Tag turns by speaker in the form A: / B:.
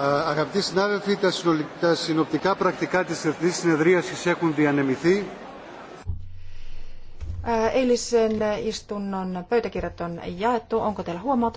A: Αγαπητοί συνάδελφοι, τα τα συνοπτικά πρακτικά της Εθνής Συνεδρίασης έχουν διανεμηθεί.
B: Eilisen istunnon pöytäkirjat on jaettu. Onko teillä huomautuksia?